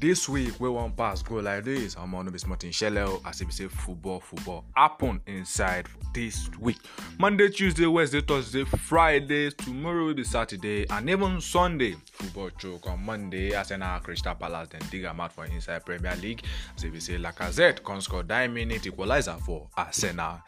This week wey wan pass go like this, omo no be small thing shele o as e be say football football happen inside this week. Monday, Tuesday, Wednesday, Thursday, Friday, tomorrow will be Saturday and even Sunday. Football choke on Monday, Arsenal Crystal Palace dem dig am out for inside Premier League as e be say Lacazette come score 9 minute equalizer for Arsenal.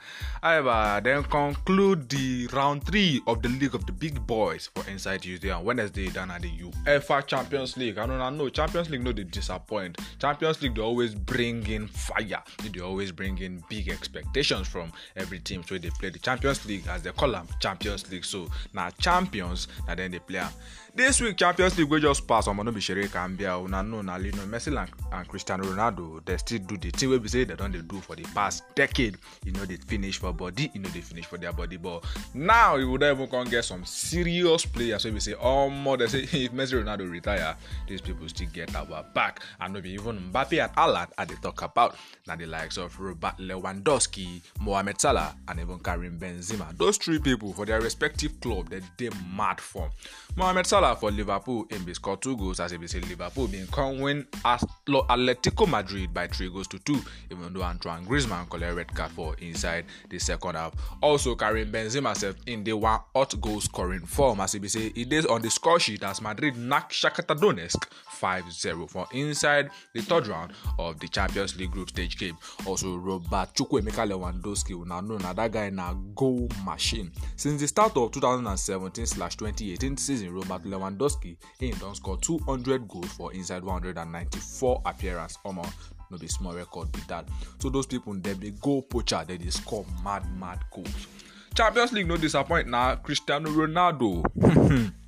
However, dem conclude di round three of di League of di Big Boys for inside Tuesday and Wednesday down at di UEFA Champions League. I no know, Champions League no dey disappoint. Champions League, they always bring in fire. They always bring in big expectations from every team. So they play the Champions League as they call them Champions League. So now champions, and then they play This week champions league wey just pass omo no be shere ka mbia una know na lino messi and cristiano ronaldo dey still do the thing wey be say dem don dey do for the past decade e no dey finish for body e no dey finish for their body but now we don even come get some serious players wey be say omo dey say if messi ronaldo retire these people still get our back and no be even mbappe and haaland i dey talk about na the likes of robert lewandowski mohamed salah and even karim benzema those three people for their respective club dem dey mad for mohamed salah. Salah for Liverpool him bin score two goals as e be say Liverpool being come win Atletico Madrid by three goals to two even though Antoine Griezmann a red card for inside the second half. Also Karim Benzema sef in the one hot goal scoring form as e be say e on the score sheet as Madrid knack Shakhtar Donetsk 5-0 for inside the third round of the Champions League group stage game. Also Robert Chukwuemeka Lewandowski una know na dat guy na goal machine. Since the start of 2017/2018 season Robert lewandowski im don score 200 goals for inside 194 appearance omo oh no be small record be that. so those people, dem dey go poacher dem dey score mad mad goals champions league no disappoint na cristiano ronaldo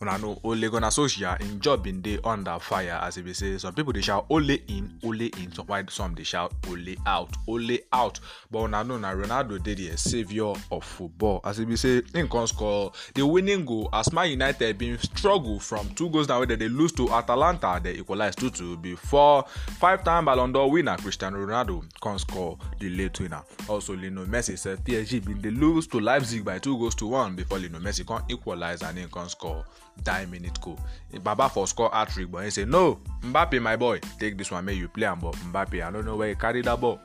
una know ole gunnar solskjaer im job bin dey under fire as e be say some pipo dey shout ole in ole in some while some dey shout ole out ole out but una know na ronaldo dey di saviour of football as e be say im come score di winning goal as man united bin struggle from two goals down wey dem dey lose to atalanta dem equalize two two before five-time ballon d'or winner cristiano ronaldo come score di late winner also lionel messi sef psg bin dey lose to leipzig by two goals to one before lionel messi come equalize and im come score die minute goal eh, baba for score hat trick but he say no mbappe my boy take this one make you play am but mbappe i no know where he carry that ball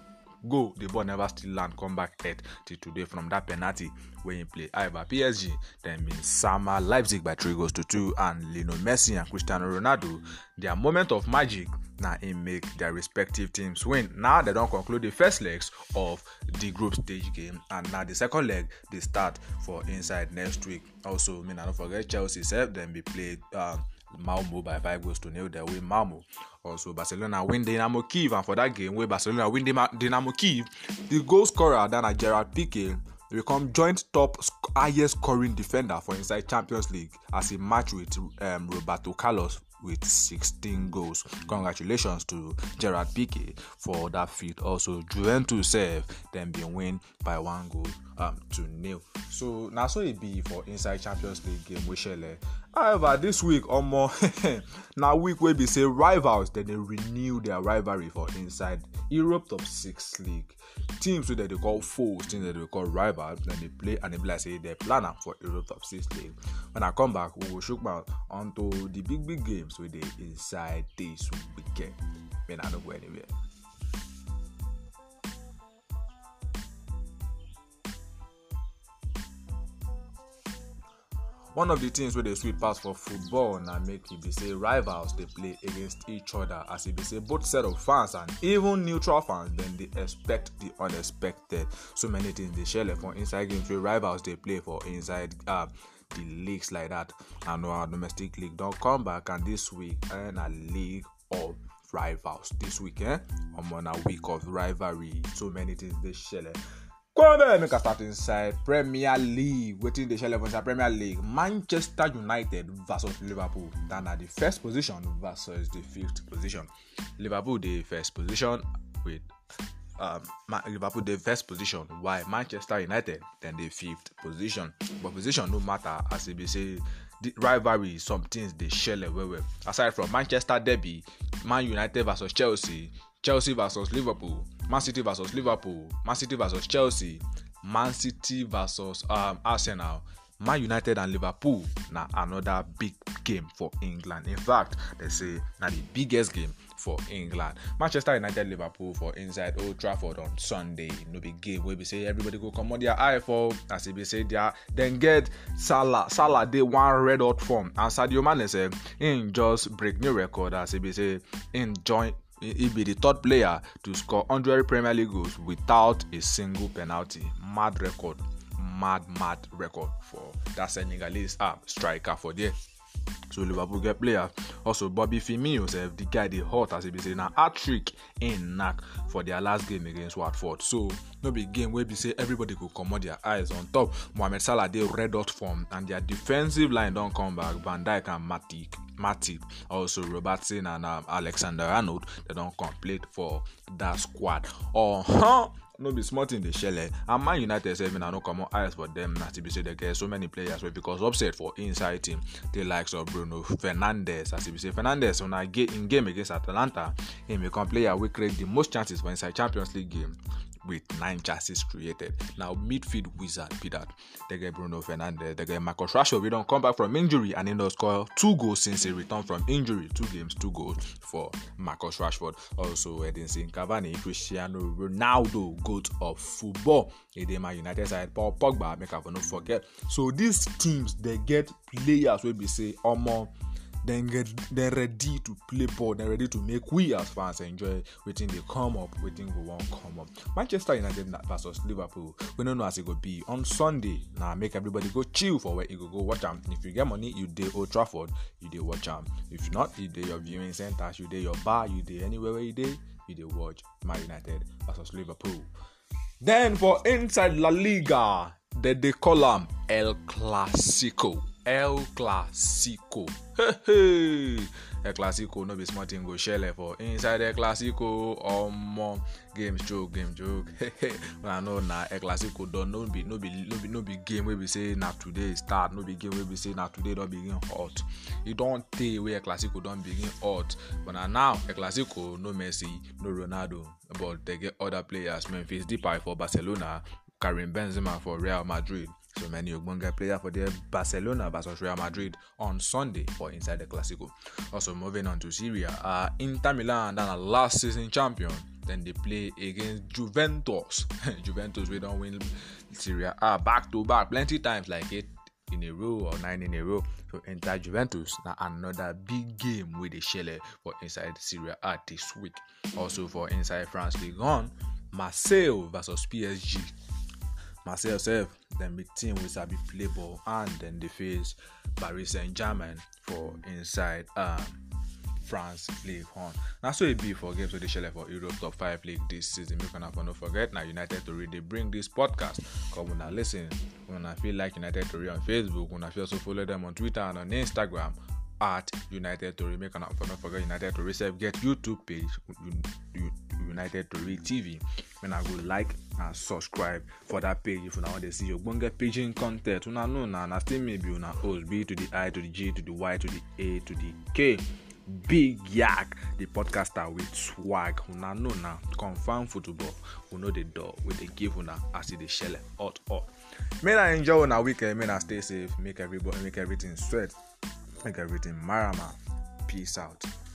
goal the ball never still land come back earth till today from that penalty wey he play however psg dem bin sama leipzig by three goals to two and lionel messi and cristiano ronaldo their moment of magic na im make their respective teams win now dem don conclude the first legs of the group stage game and na the second leg dey start for inside next week also mean i no forget chelsea sef dem be play. Um, Malmo by five goals to nil. They win Malmo. Also, Barcelona win Dynamo Kiev, and for that game where Barcelona win Dynamo Kiev, the goal scorer Dana Gerard Piqué become joint top highest scoring defender for inside Champions League as he match with um, Roberto Carlos with 16 goals. Congratulations to Gerard Piqué for that feat. Also, Juventus save then been win by one goal um, to nil. So now so it e be for inside Champions League game with Shele however this week omo na week wey be say rivals dem dey renew their rivalry for inside europe top six league teams wey dem dey call foes teams dem dey call rivals dem dey play and e be like say dem plan am for europe top six league When i come back we go chook mouth onto the big big games wey dey inside dis weekend make i no go anywhere. one of the things wey dey sweet pass for football na make e be say rivals dey play against each other as e be say both set of fans and even neutral fans dem dey expect the unexpected so many things dey shele for inside games wey rivals dey play for inside ah, the leagues like that and our domestic league don come back and this week eh, na league of rivals this week eh omo na week of rivalry so many things dey shele Come make I start inside Premier League. Wetin dey share? for inside Premier League? Manchester United vs Liverpool. Dat na the first position vs the fifth position. Liverpool dey first position with um, Liverpool dey first position while Manchester United dem dey fifth position. But position no matter as e be say the rivalry some things dey share. well well. Aside from Manchester derby, Man United vs Chelsea, Chelsea vs Liverpool Man City versus Liverpool, Man City versus Chelsea, Man City versus um, Arsenal. Man United and Liverpool na another big game for England. In fact, they say na the biggest game for England. Manchester United Liverpool for inside Old Trafford on Sunday. No big game wey be say everybody go comot their eye for as e be say their dem get Salah. Salah dey one red hot form and Sadio Mane say im just break new record as e be say im join he'll be the third player to score 100 Premier League goals without a single penalty. Mad record. Mad, mad record for that Senegalese ah, striker for there. So Liverpool get player. Also Bobby Firmino sef, the guy dey hot as e be say na hat trick im e knack for their last game against Watford. So no be game wey be say everybody go comot their eyes on top. Mohamed Salah dey red hot form and their defensive line don come back. Van Dijk and Matip, Matip also Robertson and um, Alexander Arnold dey don complete for that squad. Uh-huh no be small thing dey shele and man united sef na no comot eyes for dem na still be say dem get so many players wey because upset for inside team the likes of bruno fernandes as e be say fernandes na in game against atalanta im become player wey create di most chances for inside champions league game with nine chances created. Now, midfield wizard be that. They get Bruno Fernandez, they get Marcos Rashford. We don't come back from injury and he does score two goals since he returned from injury. Two games, two goals for Marcos Rashford. Also, Edinson Cavani, Cristiano Ronaldo, goat of football. Edema United side, Paul Pogba, make I for no forget. So these teams, they get players will be say, Omo. Um, then get then ready to play ball, then ready to make we as fans enjoy waiting they come up, waiting we won't come up. Manchester United versus Liverpool. We don't know as it go be on Sunday. Now make everybody go chill for where you go go watch them. If you get money, you day Old Trafford, you day watch them. If not, you day your viewing centers, you day your bar, you day anywhere where you day, you day watch Man United versus Liverpool. Then for inside La Liga, the they call them El Clasico. El Clasico. El Clasico no be small thing go shele for inside El Clasico omo um, game joke game joke. Una know na El Clasico don no be no be no be no be game wey be say na today start no be game wey be say na today don begin hot. E don tey wey El Clasico don begin hot but na now El Clasico no Messi no Ronaldo but dey get other players Memphis Depay for Barcelona Karim Benzema for Real Madrid many Ogbonga player for their Barcelona versus Real Madrid on Sunday for Inside the Clasico. Also moving on to Syria, uh, Inter Milan and a last season champion. Then they play against Juventus. Juventus, we don't win Syria ah, back to back plenty times, like it in a row or nine in a row. So Inter Juventus now another big game with the Shelle for inside Syria at this week. Also for inside France League on Marseille versus PSG Myself, sef dem be team wey sabi play ball and dem dey face paris saint germain for inside um, france league one na so e be for games wey dey shele for europe top five league dis season make una for no forget na united tori dey bring dis podcast come una lis ten una fit like united tori on facebook una fit also follow dem on twitter and on instagram at United Tory. Make an for not forget United Tory. Self get YouTube page United Tory TV. When I go like and subscribe for that page if you want to see your bunga pigeon content. Una know now? na na still maybe una old B to the I to the G to the Y to the A to the K. Big Yak, the podcaster with swag. Una know na confirm football. We know the door with the give una as it is shell out all. May I enjoy on weekend, may I stay safe, make everybody make everything sweat. make i Marama. Peace out.